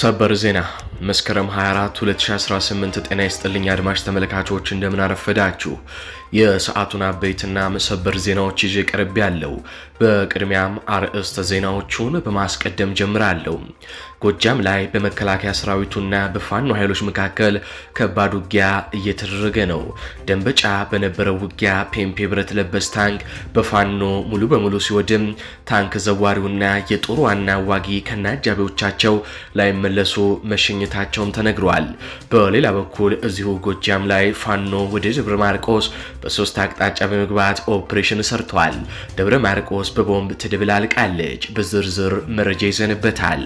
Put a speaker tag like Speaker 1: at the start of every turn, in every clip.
Speaker 1: ሰበር ዜና መስከረም 24 2018 ጤና ይስጥልኝ አድማጭ ተመልካቾች እንደምን አረፈዳችሁ። የሰዓቱን አበይትና መሰበር ዜናዎች ይዤ ቀርብ ያለው። በቅድሚያም አርዕስተ ዜናዎቹን በማስቀደም ጀምራለሁ። ጎጃም ላይ በመከላከያ ሰራዊቱና በፋኖ ኃይሎች መካከል ከባድ ውጊያ እየተደረገ ነው። ደንበጫ በነበረው ውጊያ ፔምፔ ብረት ለበስ ታንክ በፋኖ ሙሉ በሙሉ ሲወድም፣ ታንክ ዘዋሪውና የጦር ዋና አዋጊ ከነ አጃቢዎቻቸው ላይመለሱ መሸኘት መቆየታቸውም ተነግሯል። በሌላ በኩል እዚሁ ጎጃም ላይ ፋኖ ወደ ደብረ ማርቆስ በሶስት አቅጣጫ በመግባት ኦፕሬሽን ሰርቷል። ደብረ ማርቆስ በቦምብ ትደብላልቃለች። በዝርዝር መረጃ ይዘንበታል።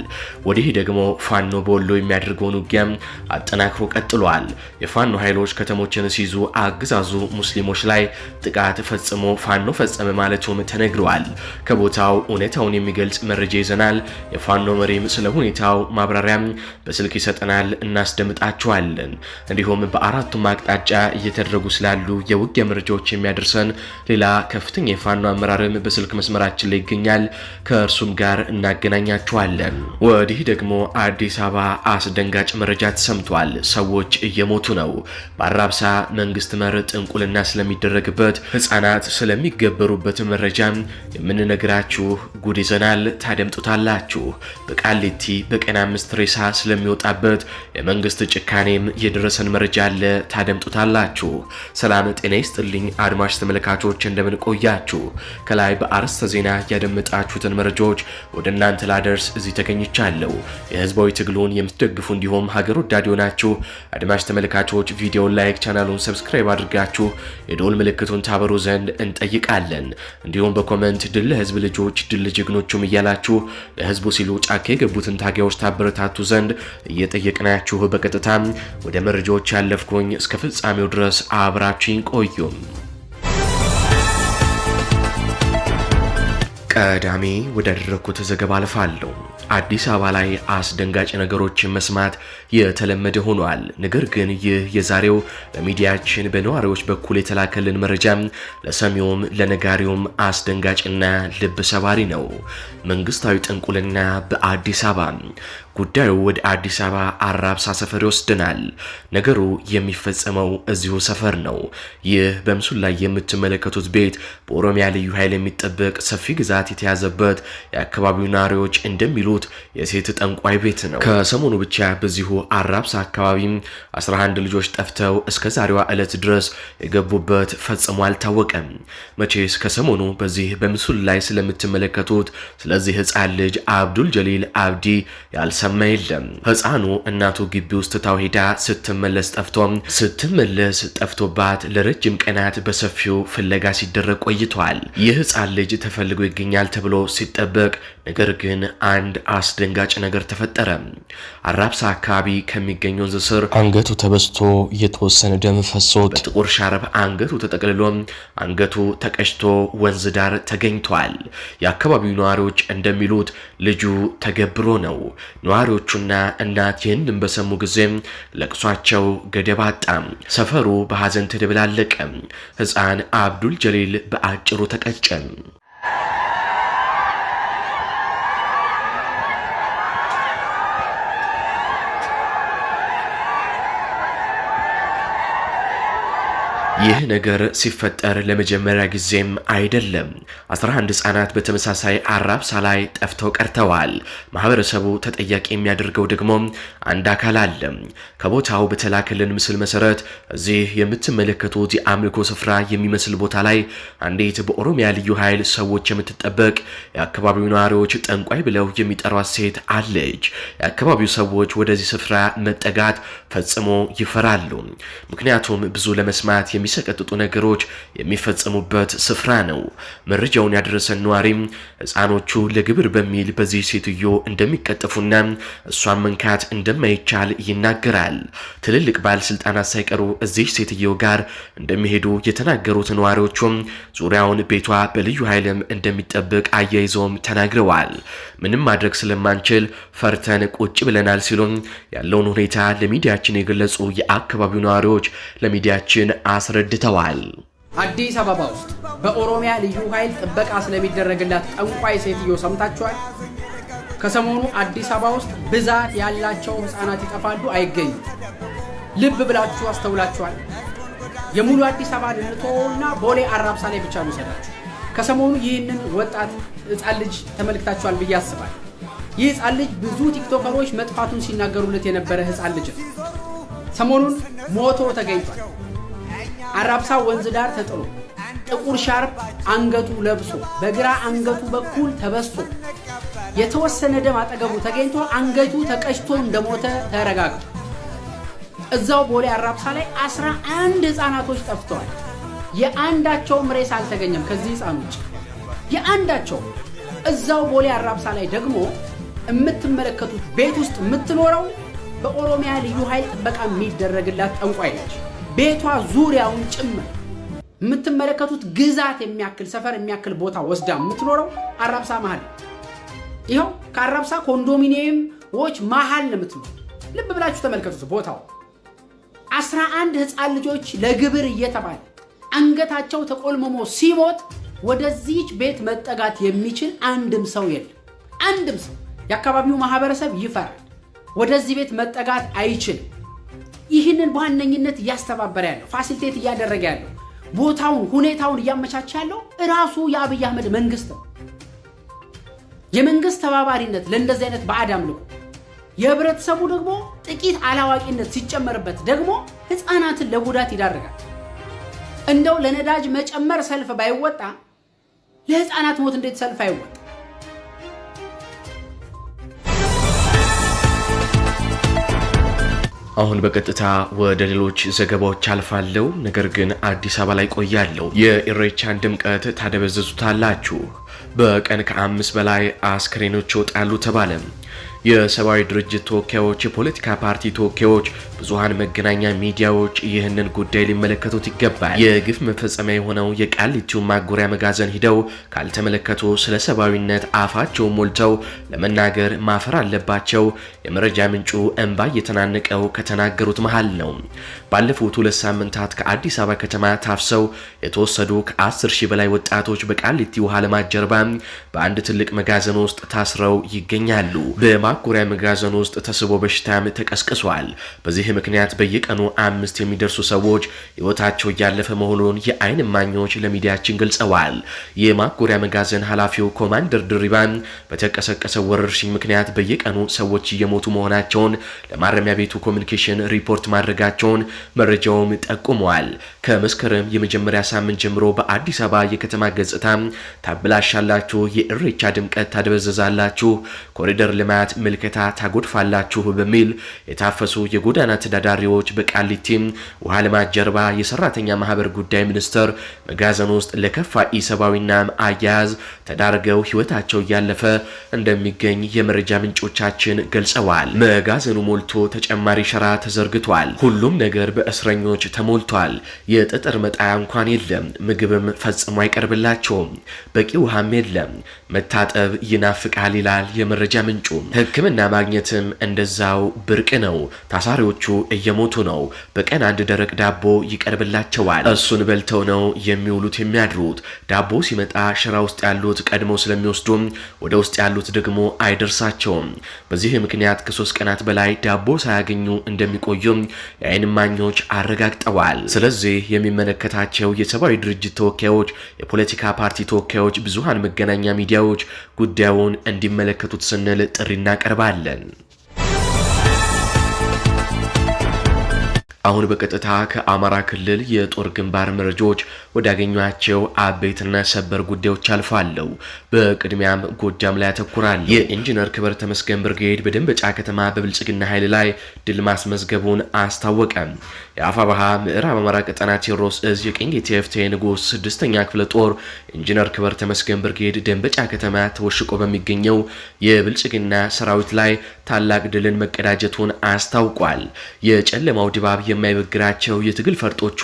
Speaker 1: ወዲህ ደግሞ ፋኖ በወሎ የሚያደርገውን ውጊያም አጠናክሮ ቀጥሏል። የፋኖ ኃይሎች ከተሞችን ሲይዙ አገዛዙ ሙስሊሞች ላይ ጥቃት ፈጽሞ ፋኖ ፈጸመ ማለቱም ተነግረዋል። ከቦታው እውነታውን የሚገልጽ መረጃ ይዘናል። የፋኖ መሪም ስለ ሁኔታው ማብራሪያም በስልክ ይሰ ይሰጠናል፣ እናስደምጣችኋለን። እንዲሁም በአራቱም አቅጣጫ እየተደረጉ ስላሉ የውጊያ መረጃዎች የሚያደርሰን ሌላ ከፍተኛ የፋኖ አመራርም በስልክ መስመራችን ላይ ይገኛል። ከእርሱም ጋር እናገናኛችኋለን። ወዲህ ደግሞ አዲስ አበባ አስደንጋጭ መረጃ ተሰምቷል። ሰዎች እየሞቱ ነው። በአራብሳ መንግስት መር ጥንቁልና ስለሚደረግበት ህጻናት ስለሚገበሩበት መረጃ የምንነግራችሁ ጉድ ይዘናል። ታደምጡታላችሁ። በቃሊቲ በቀን አምስት ሬሳ ስለሚወጣበት የተሞላበት የመንግስት ጭካኔም የደረሰን መረጃ አለ። ታደምጡታላችሁ። ሰላም ጤና ይስጥልኝ አድማጭ ተመልካቾች፣ እንደምንቆያችሁ ከላይ በአርዕስተ ዜና ያደመጣችሁትን መረጃዎች ወደ እናንተ ላደርስ እዚህ ተገኝቻለሁ። የህዝባዊ ትግሉን የምትደግፉ እንዲሁም ሀገር ወዳድ የሆናችሁ አድማጭ ተመልካቾች ቪዲዮን ላይክ፣ ቻናሉን ሰብስክራይብ አድርጋችሁ የዶል ምልክቱን ታበሩ ዘንድ እንጠይቃለን። እንዲሁም በኮመንት ድል ለህዝብ ልጆች ድል ጀግኖቹም እያላችሁ ለህዝቡ ሲሉ ጫካ የገቡትን ታጋዮች ታበረታቱ ዘንድ እየጠየቅናችሁ በቀጥታ ወደ መረጃዎች ያለፍኩኝ። እስከ ፍጻሜው ድረስ አብራችኝ ቆዩ። ቀዳሜ ወዳደረግኩት ዘገባ አልፋለሁ። አዲስ አበባ ላይ አስደንጋጭ ነገሮችን መስማት የተለመደ ሆኗል። ነገር ግን ይህ የዛሬው በሚዲያችን በነዋሪዎች በኩል የተላከልን መረጃ ለሰሚውም ለነጋሪውም አስደንጋጭና ልብ ሰባሪ ነው። መንግስታዊ ጥንቁልና በአዲስ አበባ ጉዳዩ ወደ አዲስ አበባ አራብሳ ሰፈር ይወስደናል። ነገሩ የሚፈጸመው እዚሁ ሰፈር ነው። ይህ በምስሉ ላይ የምትመለከቱት ቤት በኦሮሚያ ልዩ ኃይል የሚጠበቅ ሰፊ ግዛት የተያዘበት የአካባቢው ነዋሪዎች እንደሚሉት የሴት ጠንቋይ ቤት ነው። ከሰሞኑ ብቻ በዚሁ አራብሳ አካባቢም 11 ልጆች ጠፍተው እስከ ዛሬዋ ዕለት ድረስ የገቡበት ፈጽሞ አልታወቀም። መቼስ ከሰሞኑ በዚህ በምስሉ ላይ ስለምትመለከቱት ስለዚህ ህፃን ልጅ አብዱል ጀሊል አብዲ ያልሰ የተሰማ የለም። ህፃኑ እናቱ ግቢ ውስጥ ትታው ሄዳ ስትመለስ ጠፍቶም ስትመለስ ጠፍቶባት ለረጅም ቀናት በሰፊው ፍለጋ ሲደረግ ቆይቷል። የህፃን ልጅ ተፈልጎ ይገኛል ተብሎ ሲጠበቅ ነገር ግን አንድ አስደንጋጭ ነገር ተፈጠረ። አራብሳ አካባቢ ከሚገኝ ወንዝ ስር
Speaker 2: አንገቱ ተበስቶ የተወሰነ ደም ፈሶት
Speaker 1: በጥቁር ሻረብ አንገቱ ተጠቅልሎ አንገቱ ተቀጭቶ ወንዝ ዳር ተገኝቷል። የአካባቢው ነዋሪዎች እንደሚሉት ልጁ ተገብሮ ነው። ነዋሪዎቹና እናት ይህንን በሰሙ ጊዜ ለቅሷቸው ገደብ አጣ። ሰፈሩ በሐዘን ተደብላለቀ። ሕፃን አብዱል ጀሊል በአጭሩ ተቀጨ። ይህ ነገር ሲፈጠር ለመጀመሪያ ጊዜም አይደለም። 11 ህጻናት በተመሳሳይ አራብሳ ላይ ጠፍተው ቀርተዋል። ማህበረሰቡ ተጠያቂ የሚያደርገው ደግሞ አንድ አካል አለ። ከቦታው በተላከልን ምስል መሰረት እዚህ የምትመለከቱት የአምልኮ ስፍራ የሚመስል ቦታ ላይ አንዲት በኦሮሚያ ልዩ ኃይል ሰዎች የምትጠበቅ የአካባቢው ነዋሪዎች ጠንቋይ ብለው የሚጠሯት ሴት አለች። የአካባቢው ሰዎች ወደዚህ ስፍራ መጠጋት ፈጽሞ ይፈራሉ። ምክንያቱም ብዙ ለመስማት የሚ የሚሰቀጥጡ ነገሮች የሚፈጸሙበት ስፍራ ነው። መረጃውን ያደረሰን ነዋሪም ህፃኖቹ ለግብር በሚል በዚህ ሴትዮ እንደሚቀጠፉና እሷን መንካት እንደማይቻል ይናገራል። ትልልቅ ባለስልጣናት ሳይቀሩ እዚህ ሴትዮ ጋር እንደሚሄዱ የተናገሩት ነዋሪዎቹም ዙሪያውን ቤቷ በልዩ ኃይልም እንደሚጠብቅ አያይዘውም ተናግረዋል። ምንም ማድረግ ስለማንችል ፈርተን ቁጭ ብለናል ሲሉም ያለውን ሁኔታ ለሚዲያችን የገለጹ የአካባቢው ነዋሪዎች ለሚዲያችን አስረ አስረድተዋል።
Speaker 3: አዲስ አበባ ውስጥ በኦሮሚያ ልዩ ኃይል ጥበቃ ስለሚደረግላት ጠንቋይ ሴትዮ ሰምታችኋል? ከሰሞኑ አዲስ አበባ ውስጥ ብዛት ያላቸው ሕፃናት ይጠፋሉ፣ አይገኙ ልብ ብላችሁ አስተውላችኋል? የሙሉ አዲስ አበባ ድንቶና ቦሌ አራብሳ ላይ ብቻ ሚሰዳችሁ። ከሰሞኑ ይህንን ወጣት ሕፃን ልጅ ተመልክታችኋል ብዬ አስባል። ይህ ሕፃን ልጅ ብዙ ቲክቶከሮች መጥፋቱን ሲናገሩለት የነበረ ሕፃን ልጅ ነው። ሰሞኑን ሞቶ ተገኝቷል። አራብሳ ወንዝ ዳር ተጥሎ ጥቁር ሻርፕ አንገቱ ለብሶ በግራ አንገቱ በኩል ተበስቶ የተወሰነ ደም አጠገቡ ተገኝቶ አንገቱ ተቀጭቶ እንደሞተ ተረጋግጦ እዛው ቦሌ አራብሳ ላይ አስራ አንድ ህፃናቶች ጠፍተዋል። የአንዳቸውም ሬስ አልተገኘም። ከዚህ ህፃኖች የአንዳቸው እዛው ቦሌ አራብሳ ላይ ደግሞ የምትመለከቱት ቤት ውስጥ የምትኖረው በኦሮሚያ ልዩ ኃይል ጥበቃ የሚደረግላት ጠንቋይ ነች። ቤቷ ዙሪያውን ጭምር የምትመለከቱት ግዛት የሚያክል ሰፈር የሚያክል ቦታ ወስዳ የምትኖረው አራብሳ መሀል ይኸው ከአራብሳ ኮንዶሚኒየሞች መሀል ነው የምትኖረው። ልብ ብላችሁ ተመልከቱት ቦታው አስራ አንድ ህፃን ልጆች ለግብር እየተባለ አንገታቸው ተቆልመሞ ሲሞት ወደዚች ቤት መጠጋት የሚችል አንድም ሰው የለም። አንድም ሰው የአካባቢው ማህበረሰብ ይፈራል። ወደዚህ ቤት መጠጋት አይችልም። ይህንን በዋነኝነት እያስተባበረ ያለው ፋሲሊቴት እያደረገ ያለው ቦታውን ሁኔታውን እያመቻቸ ያለው እራሱ የአብይ አህመድ መንግስት ነው። የመንግስት ተባባሪነት ለእንደዚህ አይነት ባዕድ አምልኮ የህብረተሰቡ ደግሞ ጥቂት አላዋቂነት ሲጨመርበት ደግሞ ህፃናትን ለጉዳት ይዳርጋል። እንደው ለነዳጅ መጨመር ሰልፍ ባይወጣ ለህፃናት ሞት እንዴት ሰልፍ አይወጣ?
Speaker 1: አሁን በቀጥታ ወደ ሌሎች ዘገባዎች አልፋለሁ። ነገር ግን አዲስ አበባ ላይ ቆያለሁ። የኢሬቻን ድምቀት ታደበዘዙታላችሁ። በቀን ከአምስት በላይ አስክሬኖች ይወጣሉ ተባለ። የሰብአዊ ድርጅት ተወካዮች፣ የፖለቲካ ፓርቲ ተወካዮች፣ ብዙሃን መገናኛ ሚዲያዎች ይህንን ጉዳይ ሊመለከቱት ይገባል። የግፍ መፈጸሚያ የሆነው የቃሊቲው ማጎሪያ መጋዘን ሂደው ካልተመለከቱ ስለ ሰብአዊነት አፋቸውን ሞልተው ለመናገር ማፈር አለባቸው። የመረጃ ምንጩ እንባ እየተናነቀው ከተናገሩት መሃል ነው። ባለፉት ሁለት ሳምንታት ከአዲስ አበባ ከተማ ታፍሰው የተወሰዱ ከ10 ሺህ በላይ ወጣቶች በቃሊቲ ውሃ ልማት ጀርባ በአንድ ትልቅ መጋዘን ውስጥ ታስረው ይገኛሉ። በማጎሪያ መጋዘን ውስጥ ተስቦ በሽታም ተቀስቅሷል። በዚህም በዚህ ምክንያት በየቀኑ አምስት የሚደርሱ ሰዎች ሕይወታቸው እያለፈ መሆኑን የአይን ማኞች ለሚዲያችን ገልጸዋል። የማጎሪያ መጋዘን ኃላፊው ኮማንደር ድሪባን በተቀሰቀሰ ወረርሽኝ ምክንያት በየቀኑ ሰዎች እየሞቱ መሆናቸውን ለማረሚያ ቤቱ ኮሚኒኬሽን ሪፖርት ማድረጋቸውን መረጃውም ጠቁመዋል። ከመስከረም የመጀመሪያ ሳምንት ጀምሮ በአዲስ አበባ የከተማ ገጽታ ታብላሻላችሁ፣ የእሬቻ ድምቀት ታደበዘዛላችሁ፣ ኮሪደር ልማት ምልከታ ታጎድፋላችሁ በሚል የታፈሱ የጎዳና ተዳዳሪዎች በቃሊቲም ውሃ ልማት ጀርባ የሰራተኛ ማህበር ጉዳይ ሚኒስቴር መጋዘን ውስጥ ለከፋ ኢሰብአዊና አያያዝ ተዳርገው ህይወታቸው እያለፈ እንደሚገኝ የመረጃ ምንጮቻችን ገልጸዋል። መጋዘኑ ሞልቶ ተጨማሪ ሸራ ተዘርግቷል። ሁሉም ነገር በእስረኞች ተሞልቷል። የጠጠር መጣያ እንኳን የለም። ምግብም ፈጽሞ አይቀርብላቸውም። በቂ ውሃም የለም። መታጠብ ይናፍቃል ይላል የመረጃ ምንጩ። ህክምና ማግኘትም እንደዛው ብርቅ ነው። ታሳሪዎቹ ሰዎቹ እየሞቱ ነው። በቀን አንድ ደረቅ ዳቦ ይቀርብላቸዋል። እሱን በልተው ነው የሚውሉት የሚያድሩት። ዳቦ ሲመጣ ሽራ ውስጥ ያሉት ቀድመው ስለሚወስዱም ወደ ውስጥ ያሉት ደግሞ አይደርሳቸውም። በዚህ ምክንያት ከሶስት ቀናት በላይ ዳቦ ሳያገኙ እንደሚቆዩም የአይን እማኞች አረጋግጠዋል። ስለዚህ የሚመለከታቸው የሰብአዊ ድርጅት ተወካዮች፣ የፖለቲካ ፓርቲ ተወካዮች፣ ብዙሃን መገናኛ ሚዲያዎች ጉዳዩን እንዲመለከቱት ስንል ጥሪ እናቀርባለን። አሁን በቀጥታ ከአማራ ክልል የጦር ግንባር መረጃዎች ወዳገኟቸው አበይትና ሰበር ጉዳዮች አልፋለሁ። በቅድሚያም ጎጃም ላይ ያተኩራል። የኢንጂነር ክብር ተመስገን ብርጌድ በደንበጫ ከተማ በብልጽግና ኃይል ላይ ድል ማስመዝገቡን አስታወቀ። የአፋባሃ ምዕራብ አማራ ቀጠና ቴዎድሮስ እዝ የቀኝ የቲኤፍቲ ንጉስ ስድስተኛ ክፍለ ጦር ኢንጂነር ክበር ተመስገን ብርጌድ ደንበጫ ከተማ ተወሽቆ በሚገኘው የብልጽግና ሰራዊት ላይ ታላቅ ድልን መቀዳጀቱን አስታውቋል። የጨለማው ድባብ የማይበግራቸው የትግል ፈርጦቹ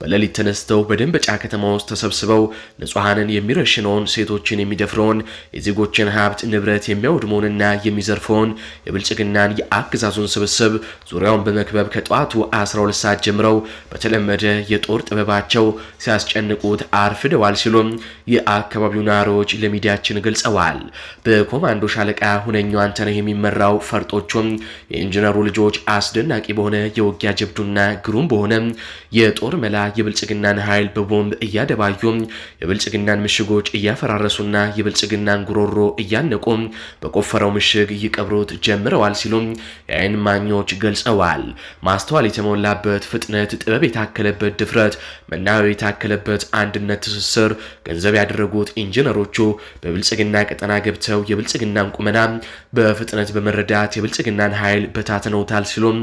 Speaker 1: በሌሊት ተነስተው በደንበጫ ከተማ ውስጥ ተሰብስበው ንጹሐንን የሚረሽነውን፣ ሴቶችን የሚደፍረውን፣ የዜጎችን ሀብት ንብረት የሚያወድመውንና የሚዘርፈውን የብልጽግናን የአገዛዙን ስብስብ ዙሪያውን በመክበብ ከጠዋቱ 12 ሰዓት ጀምረው በተለመደ የጦር ጥበባቸው ሲያስጨንቁት አርፍደዋል ሲሉም የአካባቢው ነዋሪዎች ለሚዲያችን ገልጸዋል። በኮማንዶ ሻለቃ ሁነኛው አንተነህ የሚመራው ፈርጦቹም የኢንጂነሩ ልጆች አስደናቂ በሆነ የውጊያ ጀብዱና ግሩም በሆነ የጦር መላ የብልጽግናን ኃይል በቦምብ እያደባዩ የብልጽግናን ምሽጎች እያፈራረሱና የብልጽግናን ጉሮሮ እያነቁ በቆፈረው ምሽግ ይቀብሩት ጀምረዋል ሲሉም የአይን ማኞች ገልጸዋል። ማስተዋል የተሞላበት የታከለበት ፍጥነት፣ ጥበብ የታከለበት ድፍረት፣ መናበብ የታከለበት አንድነት፣ ትስስር ገንዘብ ያደረጉት ኢንጂነሮቹ በብልጽግና ቀጠና ገብተው የብልጽግናን ቁመና በፍጥነት በመረዳት የብልጽግናን ኃይል በታትነውታል ሲሉም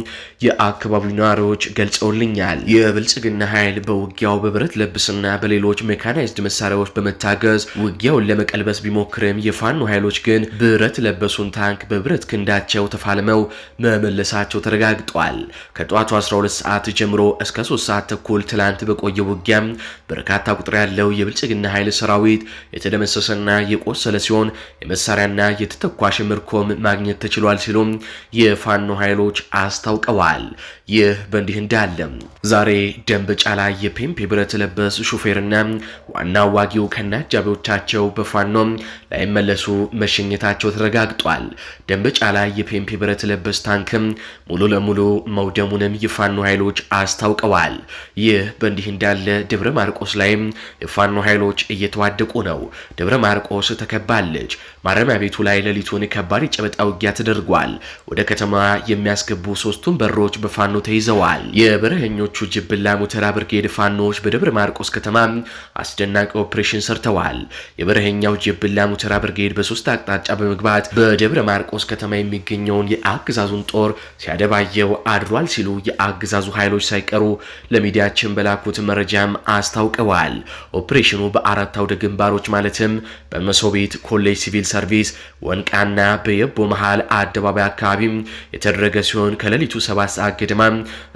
Speaker 1: የአካባቢው ነዋሪዎች ገልጸውልኛል። የብልጽግና ኃይል በውጊያው በብረት ለብስና በሌሎች ሜካናይዝድ መሳሪያዎች በመታገዝ ውጊያውን ለመቀልበስ ቢሞክርም የፋኖ ኃይሎች ግን ብረት ለበሱን ታንክ በብረት ክንዳቸው ተፋልመው መመለሳቸው ተረጋግጧል። ከጠዋቱ 12 ሰዓት ጀምሮ እስከ 3 ሰዓት ተኩል ትላንት በቆየ ውጊያ በርካታ ቁጥር ያለው የብልጽግና ኃይል ሰራዊት የተደመሰሰና የቆሰለ ሲሆን የመሳሪያና የተተኳሽ ምርኮም ማግኘት ተችሏል ሲሉም የፋኖ ኃይሎች አስታውቀዋል። ይህ በእንዲህ እንዳለ ዛሬ ደንበጫ ላይ የፔምፕ ብረት ለበስ ሹፌርና ዋና አዋጊው ከነ አጃቢዎቻቸው በፋኖ ላይመለሱ መሸኘታቸው ተረጋግጧል። ደንበጫ ላይ የፔምፕ ብረት ለበስ ታንክም ሙሉ ለሙሉ መውደሙንም የፋኖ ኃይሎች አስታውቀዋል። ይህ በእንዲህ እንዳለ ደብረ ማርቆስ ላይም የፋኖ ኃይሎች እየተዋደቁ ነው። ደብረ ማርቆስ ተከባለች። ማረሚያ ቤቱ ላይ ሌሊቱን ከባድ የጨበጣ ውጊያ ተደርጓል። ወደ ከተማ የሚያስገቡ ሶስቱን በሮች በፋኖ ተይዘዋል። የበረሀኞቹ ጅብላ ሙተራ ብርጌድ ፋኖዎች በደብረ ማርቆስ ከተማ አስደናቂ ኦፕሬሽን ሰርተዋል። የበረሀኛው ጅብላ ሙተራ ብርጌድ በሶስት አቅጣጫ በመግባት በደብረ ማርቆስ ከተማ የሚገኘውን የአገዛዙን ጦር ሲያደባየው አድሯል ሲሉ የአገዛዙ ኃይሎች ሳይቀሩ ለሚዲያችን በላኩት መረጃም አስታውቀዋል። ኦፕሬሽኑ በአራት አውደ ግንባሮች ማለትም በመሶቤት ኮሌጅ ሲቪል ሰርቪስ ወንቃና በየቦ መሃል አደባባይ አካባቢም የተደረገ ሲሆን ከሌሊቱ ሰባት ሰዓት ገደማ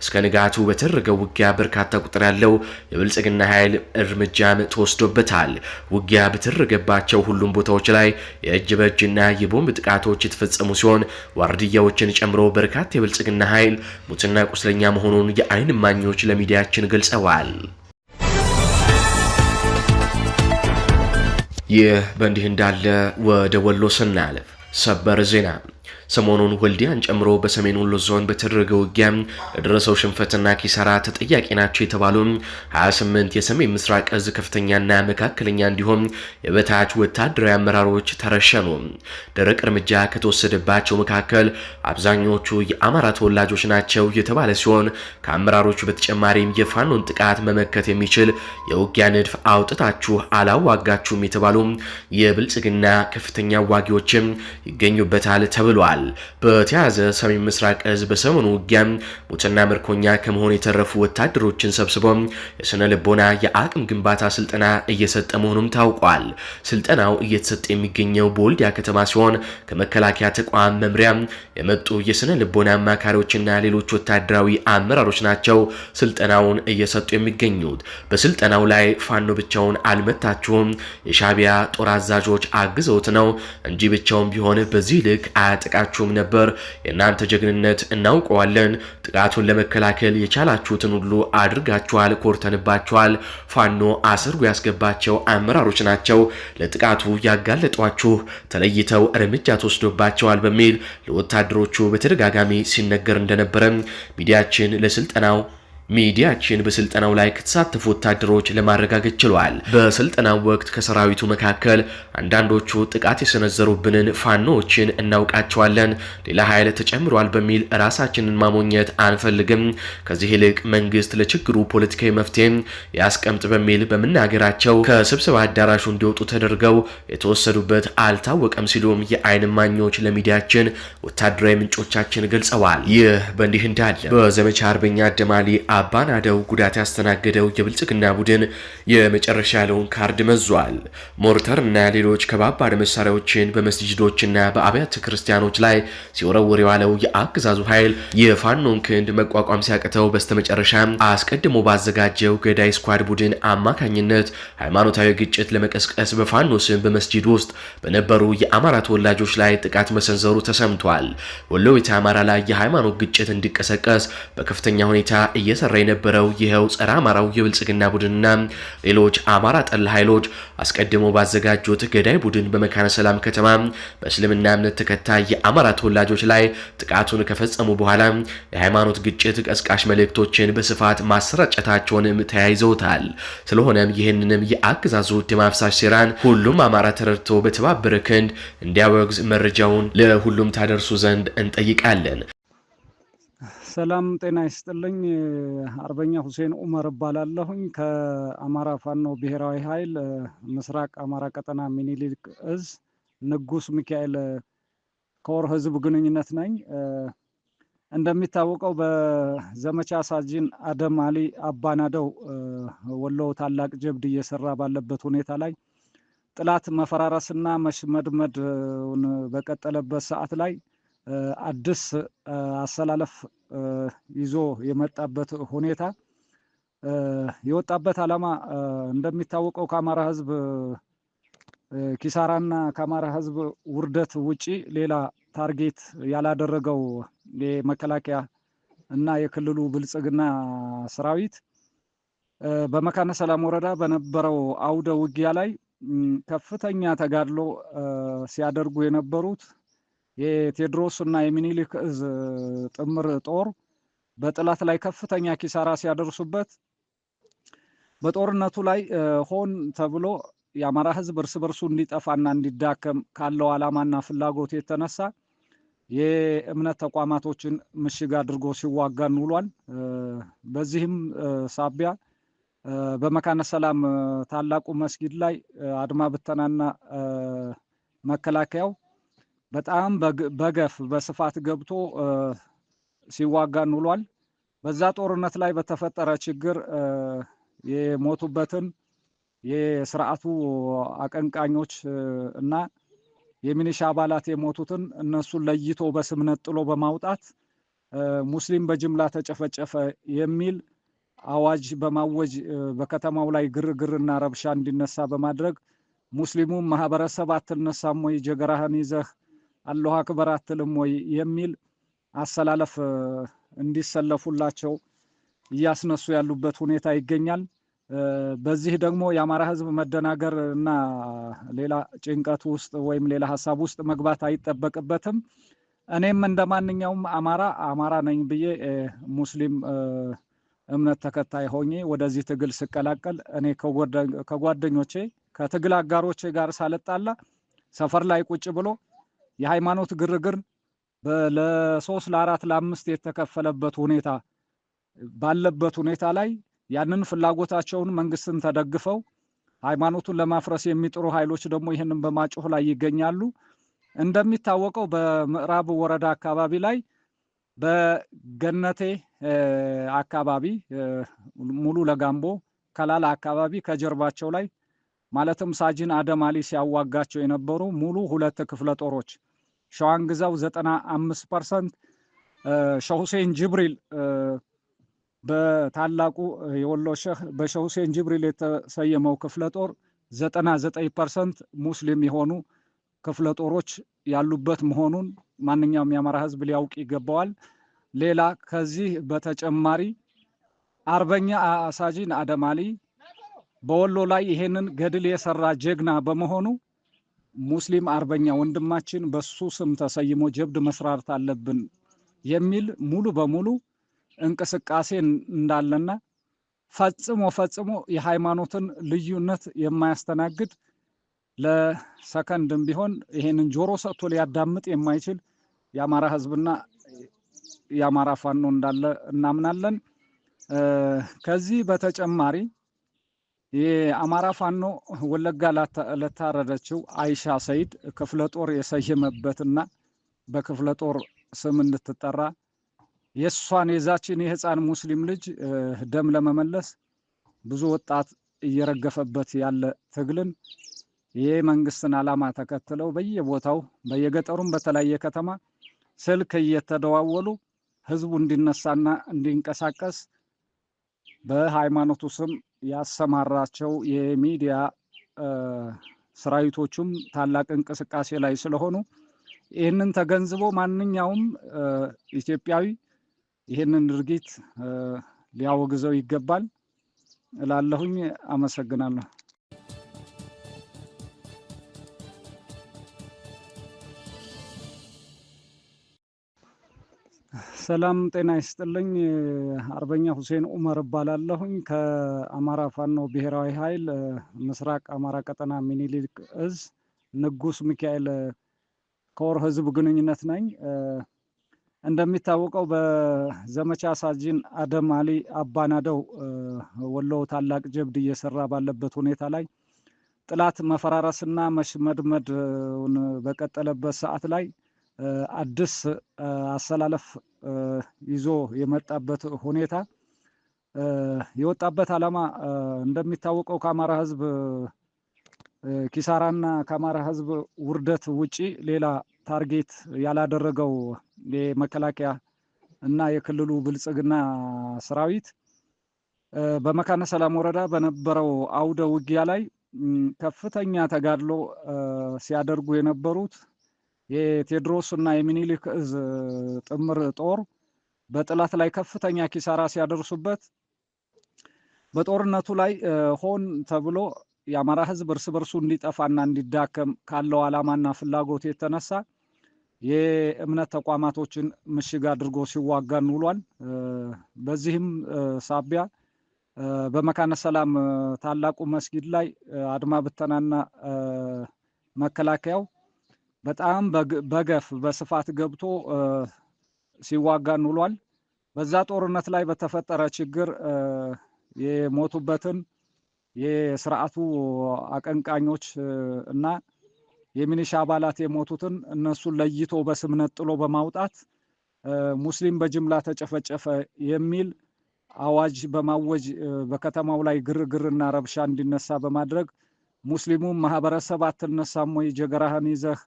Speaker 1: እስከ ንጋቱ በተደረገው ውጊያ በርካታ ቁጥር ያለው የብልጽግና ኃይል እርምጃም ተወስዶበታል። ውጊያ በተደረገባቸው ሁሉም ቦታዎች ላይ የእጅ በእጅና የቦምብ ጥቃቶች የተፈጸሙ ሲሆን ዋርድያዎችን ጨምሮ በርካታ የብልጽግና ኃይል ሙትና ቁስለኛ መሆኑን የአይን ማኞች ለሚዲያችን ገልጸዋል። ይህ በእንዲህ እንዳለ ወደ ወሎ ስናልፍ ሰበር ዜና ሰሞኑን ወልዲያን ጨምሮ በሰሜን ወሎ ዞን በተደረገው ውጊያ ለደረሰው ሽንፈትና ኪሳራ ተጠያቂ ናቸው የተባሉ 28 የሰሜን ምስራቅ እዝ ከፍተኛና መካከለኛ እንዲሁም የበታች ወታደራዊ አመራሮች ተረሸኑ። ደረቅ እርምጃ ከተወሰደባቸው መካከል አብዛኞቹ የአማራ ተወላጆች ናቸው የተባለ ሲሆን ከአመራሮቹ በተጨማሪም የፋኖን ጥቃት መመከት የሚችል የውጊያ ንድፍ አውጥታችሁ አላዋጋችሁም የተባሉ የብልጽግና ከፍተኛ ዋጊዎችም ይገኙበታል ተብሏል። ተገኝተዋል። በተያያዘ ሰሜን ምስራቅ እዝ በሰሞኑ ውጊያ ሙትና ምርኮኛ ከመሆን የተረፉ ወታደሮችን ሰብስቦ የስነ ልቦና የአቅም ግንባታ ስልጠና እየሰጠ መሆኑም ታውቋል። ስልጠናው እየተሰጠ የሚገኘው በወልዲያ ከተማ ሲሆን ከመከላከያ ተቋም መምሪያ የመጡ የስነ ልቦና አማካሪዎችና ሌሎች ወታደራዊ አመራሮች ናቸው ስልጠናውን እየሰጡ የሚገኙት። በስልጠናው ላይ ፋኖ ብቻውን አልመታችሁም፣ የሻቢያ ጦር አዛዦች አግዘውት ነው እንጂ ብቻውን ቢሆን በዚህ ልክ አያጠቃ አልቻላችሁም ነበር። የእናንተ ጀግንነት እናውቀዋለን። ጥቃቱን ለመከላከል የቻላችሁትን ሁሉ አድርጋችኋል፣ ኮርተንባችኋል። ፋኖ አሰርጎ ያስገባቸው አመራሮች ናቸው ለጥቃቱ ያጋለጧችሁ፣ ተለይተው እርምጃ ተወስዶባቸዋል በሚል ለወታደሮቹ በተደጋጋሚ ሲነገር እንደነበረ ሚዲያችን ለስልጠናው ሚዲያችን በስልጠናው ላይ ከተሳተፉ ወታደሮች ለማረጋገጥ ችሏል። በስልጠናው ወቅት ከሰራዊቱ መካከል አንዳንዶቹ ጥቃት የሰነዘሩብንን ፋኖዎችን እናውቃቸዋለን፣ ሌላ ኃይል ተጨምሯል በሚል ራሳችንን ማሞኘት አንፈልግም። ከዚህ ይልቅ መንግስት ለችግሩ ፖለቲካዊ መፍትሄ ያስቀምጥ በሚል በመናገራቸው ከስብሰባ አዳራሹ እንዲወጡ ተደርገው የተወሰዱበት አልታወቀም ሲሉም የአይን ማኞች ለሚዲያችን ወታደራዊ ምንጮቻችን ገልጸዋል። ይህ በእንዲህ እንዳለ በዘመቻ አርበኛ አደማሊ አባናደው ጉዳት ያስተናገደው የብልጽግና ቡድን የመጨረሻ ያለውን ካርድ መዟል። ሞርተርና ሌሎች ከባባድ መሳሪያዎችን በመስጅዶችና በአብያተ ክርስቲያኖች ላይ ሲወረውር የዋለው የአገዛዙ ኃይል የፋኖን ክንድ መቋቋም ሲያቅተው በስተመጨረሻ አስቀድሞ ባዘጋጀው ገዳይ ስኳድ ቡድን አማካኝነት ሃይማኖታዊ ግጭት ለመቀስቀስ በፋኖ ስም በመስጅድ ውስጥ በነበሩ የአማራ ተወላጆች ላይ ጥቃት መሰንዘሩ ተሰምቷል። ወሎ ቤተ አማራ ላይ የሃይማኖት ግጭት እንዲቀሰቀስ በከፍተኛ ሁኔታ እየሰ እየሰራ የነበረው ይኸው ጸረ አማራው የብልጽግና ቡድንና ሌሎች አማራ ጠል ኃይሎች አስቀድሞ ባዘጋጁት ገዳይ ቡድን በመካነ ሰላም ከተማ በእስልምና እምነት ተከታይ የአማራ ተወላጆች ላይ ጥቃቱን ከፈጸሙ በኋላ የሃይማኖት ግጭት ቀስቃሽ መልእክቶችን በስፋት ማሰራጨታቸውንም ተያይዘውታል። ስለሆነም ይህንንም የአገዛዙ ደም አፍሳሽ ሴራን ሁሉም አማራ ተረድቶ በተባበረ ክንድ እንዲያወግዝ መረጃውን ለሁሉም ታደርሱ ዘንድ እንጠይቃለን።
Speaker 4: ሰላም ጤና ይስጥልኝ። አርበኛ ሁሴን ኡመር እባላለሁኝ ከአማራ ፋኖ ብሔራዊ ኃይል ምስራቅ አማራ ቀጠና ሚኒሊክ እዝ ንጉስ ሚካኤል ኮር ህዝብ ግንኙነት ነኝ። እንደሚታወቀው በዘመቻ ሳጅን አደም አሊ አባናደው ወሎ ታላቅ ጀብድ እየሰራ ባለበት ሁኔታ ላይ ጥላት መፈራረስና መሽመድመድ በቀጠለበት ሰዓት ላይ አዲስ አሰላለፍ ይዞ የመጣበት ሁኔታ የወጣበት ዓላማ እንደሚታወቀው ከአማራ ህዝብ ኪሳራና ከአማራ ህዝብ ውርደት ውጪ ሌላ ታርጌት ያላደረገው የመከላከያ እና የክልሉ ብልጽግና ሰራዊት በመካነ ሰላም ወረዳ በነበረው አውደ ውጊያ ላይ ከፍተኛ ተጋድሎ ሲያደርጉ የነበሩት የቴዎድሮስ እና የሚኒሊክ እዝ ጥምር ጦር በጠላት ላይ ከፍተኛ ኪሳራ ሲያደርሱበት በጦርነቱ ላይ ሆን ተብሎ የአማራ ሕዝብ እርስ በርሱ እንዲጠፋና እንዲዳከም ካለው ዓላማና ፍላጎት የተነሳ የእምነት ተቋማቶችን ምሽግ አድርጎ ሲዋጋን ውሏል። በዚህም ሳቢያ በመካነ ሰላም ታላቁ መስጊድ ላይ አድማ ብተናና መከላከያው በጣም በገፍ በስፋት ገብቶ ሲዋጋ እንውሏል። በዛ ጦርነት ላይ በተፈጠረ ችግር የሞቱበትን የስርዓቱ አቀንቃኞች እና የሚኒሻ አባላት የሞቱትን እነሱን ለይቶ በስም ነጥሎ በማውጣት ሙስሊም በጅምላ ተጨፈጨፈ የሚል አዋጅ በማወጅ በከተማው ላይ ግርግርና ረብሻ እንዲነሳ በማድረግ ሙስሊሙም ማህበረሰብ አትነሳም ወይ ጀገራህን ይዘህ አላሁ አክበር አትልም ወይ የሚል አሰላለፍ እንዲሰለፉላቸው እያስነሱ ያሉበት ሁኔታ ይገኛል። በዚህ ደግሞ የአማራ ሕዝብ መደናገር እና ሌላ ጭንቀት ውስጥ ወይም ሌላ ሀሳብ ውስጥ መግባት አይጠበቅበትም። እኔም እንደ ማንኛውም አማራ አማራ ነኝ ብዬ ሙስሊም እምነት ተከታይ ሆኜ ወደዚህ ትግል ስቀላቀል እኔ ከጓደኞቼ ከትግል አጋሮቼ ጋር ሳለጣላ ሰፈር ላይ ቁጭ ብሎ የሃይማኖት ግርግር ለሶስት ለአራት ለአምስት የተከፈለበት ሁኔታ ባለበት ሁኔታ ላይ ያንን ፍላጎታቸውን መንግስትን ተደግፈው ሃይማኖቱን ለማፍረስ የሚጥሩ ኃይሎች ደግሞ ይህንን በማጮህ ላይ ይገኛሉ። እንደሚታወቀው በምዕራብ ወረዳ አካባቢ ላይ በገነቴ አካባቢ ሙሉ ለጋምቦ ከላላ አካባቢ ከጀርባቸው ላይ ማለትም ሳጅን አደማሊ ሲያዋጋቸው የነበሩ ሙሉ ሁለት ክፍለ ጦሮች ሸዋን ግዛው 95 ፐርሰንት፣ ሸሁሴን ጅብሪል በታላቁ የወሎ ሸህ በሸሁሴን ጅብሪል የተሰየመው ክፍለ ጦር 99 ፐርሰንት ሙስሊም የሆኑ ክፍለ ጦሮች ያሉበት መሆኑን ማንኛውም የአማራ ህዝብ ሊያውቅ ይገባዋል። ሌላ ከዚህ በተጨማሪ አርበኛ ሳጂን አደማሊ በወሎ ላይ ይሄንን ገድል የሰራ ጀግና በመሆኑ ሙስሊም አርበኛ ወንድማችን በሱ ስም ተሰይሞ ጀብድ መስራት አለብን የሚል ሙሉ በሙሉ እንቅስቃሴ እንዳለና ፈጽሞ ፈጽሞ የሃይማኖትን ልዩነት የማያስተናግድ ለሰከንድም ቢሆን ይሄንን ጆሮ ሰጥቶ ሊያዳምጥ የማይችል የአማራ ህዝብና የአማራ ፋኖ እንዳለ እናምናለን። ከዚህ በተጨማሪ የአማራ ፋኖ ወለጋ ለታረደችው አይሻ ሰይድ ክፍለ ጦር የሰየመበትና በክፍለ ጦር ስም እንድትጠራ የእሷን የዛችን የህፃን ሙስሊም ልጅ ደም ለመመለስ ብዙ ወጣት እየረገፈበት ያለ ትግልን የመንግስትን ዓላማ ተከትለው በየቦታው በየገጠሩም በተለያየ ከተማ ስልክ እየተደዋወሉ ህዝቡ እንዲነሳና እንዲንቀሳቀስ በሃይማኖቱ ስም ያሰማራቸው የሚዲያ ሰራዊቶቹም ታላቅ እንቅስቃሴ ላይ ስለሆኑ ይህንን ተገንዝቦ ማንኛውም ኢትዮጵያዊ ይህንን ድርጊት ሊያወግዘው ይገባል እላለሁኝ። አመሰግናለሁ። ሰላም ጤና ይስጥልኝ። አርበኛ ሁሴን ኡመር እባላለሁኝ ከአማራ ፋኖ ብሔራዊ ኃይል ምስራቅ አማራ ቀጠና ሚኒሊክ እዝ ንጉስ ሚካኤል ኮር ህዝብ ግንኙነት ነኝ። እንደሚታወቀው በዘመቻ ሳጅን አደም አሊ አባናደው ወሎ ታላቅ ጀብድ እየሰራ ባለበት ሁኔታ ላይ ጥላት መፈራረስና መሽመድመድ በቀጠለበት ሰዓት ላይ አዲስ አሰላለፍ ይዞ የመጣበት ሁኔታ የወጣበት ዓላማ እንደሚታወቀው ከአማራ ህዝብ ኪሳራና ከአማራ ህዝብ ውርደት ውጪ ሌላ ታርጌት ያላደረገው የመከላከያ እና የክልሉ ብልጽግና ሰራዊት በመካነ ሰላም ወረዳ በነበረው አውደ ውጊያ ላይ ከፍተኛ ተጋድሎ ሲያደርጉ የነበሩት የቴዎድሮስ እና የሚኒሊክ እዝ ጥምር ጦር በጠላት ላይ ከፍተኛ ኪሳራ ሲያደርሱበት በጦርነቱ ላይ ሆን ተብሎ የአማራ ሕዝብ እርስ በርሱ እንዲጠፋና እንዲዳከም ካለው ዓላማና ፍላጎት የተነሳ የእምነት ተቋማቶችን ምሽግ አድርጎ ሲዋጋን ውሏል። በዚህም ሳቢያ በመካነ ሰላም ታላቁ መስጊድ ላይ አድማ ብተናና መከላከያው በጣም በገፍ በስፋት ገብቶ ሲዋጋ እንውሏል። በዛ ጦርነት ላይ በተፈጠረ ችግር የሞቱበትን የስርዓቱ አቀንቃኞች እና የሚኒሻ አባላት የሞቱትን እነሱን ለይቶ በስምነት ጥሎ በማውጣት ሙስሊም በጅምላ ተጨፈጨፈ የሚል አዋጅ በማወጅ በከተማው ላይ ግርግርና ረብሻ እንዲነሳ በማድረግ ሙስሊሙም ማህበረሰብ አትነሳም ወይ ጀገራህን ይዘህ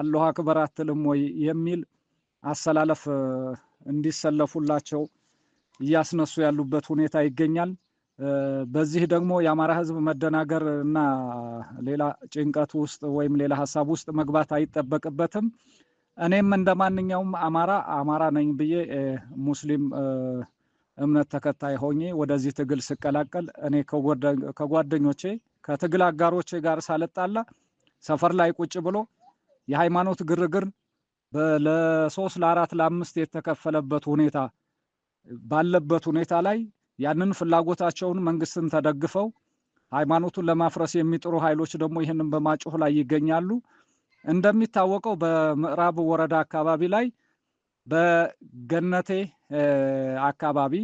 Speaker 4: አላሁ አክበር አትልም ወይ የሚል አሰላለፍ እንዲሰለፉላቸው እያስነሱ ያሉበት ሁኔታ ይገኛል። በዚህ ደግሞ የአማራ ሕዝብ መደናገር እና ሌላ ጭንቀት ውስጥ ወይም ሌላ ሀሳብ ውስጥ መግባት አይጠበቅበትም። እኔም እንደ ማንኛውም አማራ አማራ ነኝ ብዬ ሙስሊም እምነት ተከታይ ሆኜ ወደዚህ ትግል ስቀላቀል እኔ ከጓደኞቼ ከትግል አጋሮቼ ጋር ሳልጣላ ሰፈር ላይ ቁጭ ብሎ የሃይማኖት ግርግር ለሶስት ለአራት ለአምስት የተከፈለበት ሁኔታ ባለበት ሁኔታ ላይ ያንን ፍላጎታቸውን መንግስትን ተደግፈው ሃይማኖቱን ለማፍረስ የሚጥሩ ኃይሎች ደግሞ ይህንን በማጮህ ላይ ይገኛሉ። እንደሚታወቀው በምዕራብ ወረዳ አካባቢ ላይ በገነቴ አካባቢ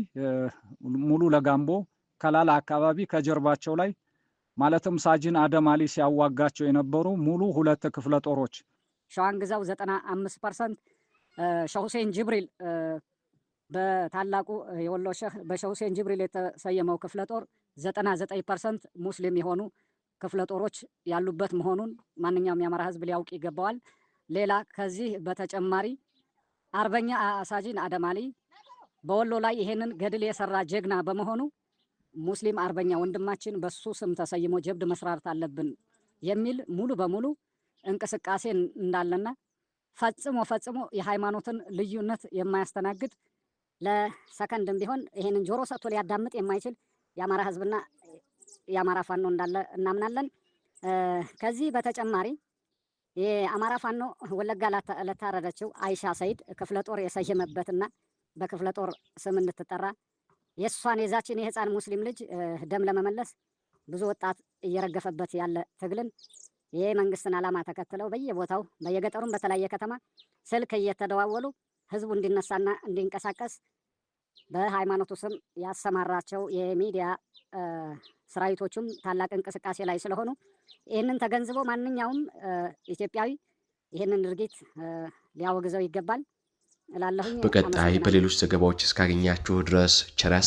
Speaker 4: ሙሉ ለጋምቦ ከላላ አካባቢ ከጀርባቸው ላይ ማለትም ሳጅን አደም አሊ ሲያዋጋቸው የነበሩ ሙሉ ሁለት ክፍለ ጦሮች
Speaker 5: ሸዋንግዛው 95 ፐርሰንት፣ ሸሁሴን ጅብሪል በታላቁ የወሎ ሸህ በሸሁሴን ጅብሪል የተሰየመው ክፍለ ጦር 99 ፐርሰንት ሙስሊም የሆኑ ክፍለ ጦሮች ያሉበት መሆኑን ማንኛውም የአማራ ህዝብ ሊያውቅ ይገባዋል። ሌላ ከዚህ በተጨማሪ አርበኛ ሳጅን አደማሊ በወሎ ላይ ይሄንን ገድል የሰራ ጀግና በመሆኑ ሙስሊም አርበኛ ወንድማችን በሱ ስም ተሰይሞ ጀብድ መስራት አለብን የሚል ሙሉ በሙሉ እንቅስቃሴ እንዳለና ፈጽሞ ፈጽሞ የሃይማኖትን ልዩነት የማያስተናግድ ለሰከንድም ቢሆን ይሄንን ጆሮ ሰጥቶ ሊያዳምጥ የማይችል የአማራ ህዝብና የአማራ ፋኖ እንዳለ እናምናለን። ከዚህ በተጨማሪ የአማራ ፋኖ ወለጋ ለታረደችው አይሻ ሰይድ ክፍለ ጦር የሰየመበትና በክፍለ ጦር ስም እንድትጠራ የእሷን የዛችን የህፃን ሙስሊም ልጅ ደም ለመመለስ ብዙ ወጣት እየረገፈበት ያለ ትግልን ይህ መንግስትን ዓላማ ተከትለው በየቦታው በየገጠሩም በተለያየ ከተማ ስልክ እየተደዋወሉ ህዝቡ እንዲነሳና እንዲንቀሳቀስ በሃይማኖቱ ስም ያሰማራቸው የሚዲያ ሰራዊቶቹም ታላቅ እንቅስቃሴ ላይ ስለሆኑ ይህንን ተገንዝቦ ማንኛውም ኢትዮጵያዊ ይህንን ድርጊት ሊያወግዘው ይገባል
Speaker 1: እላለሁኝ። በቀጣይ በሌሎች ዘገባዎች እስካገኛችሁ ድረስ ቸር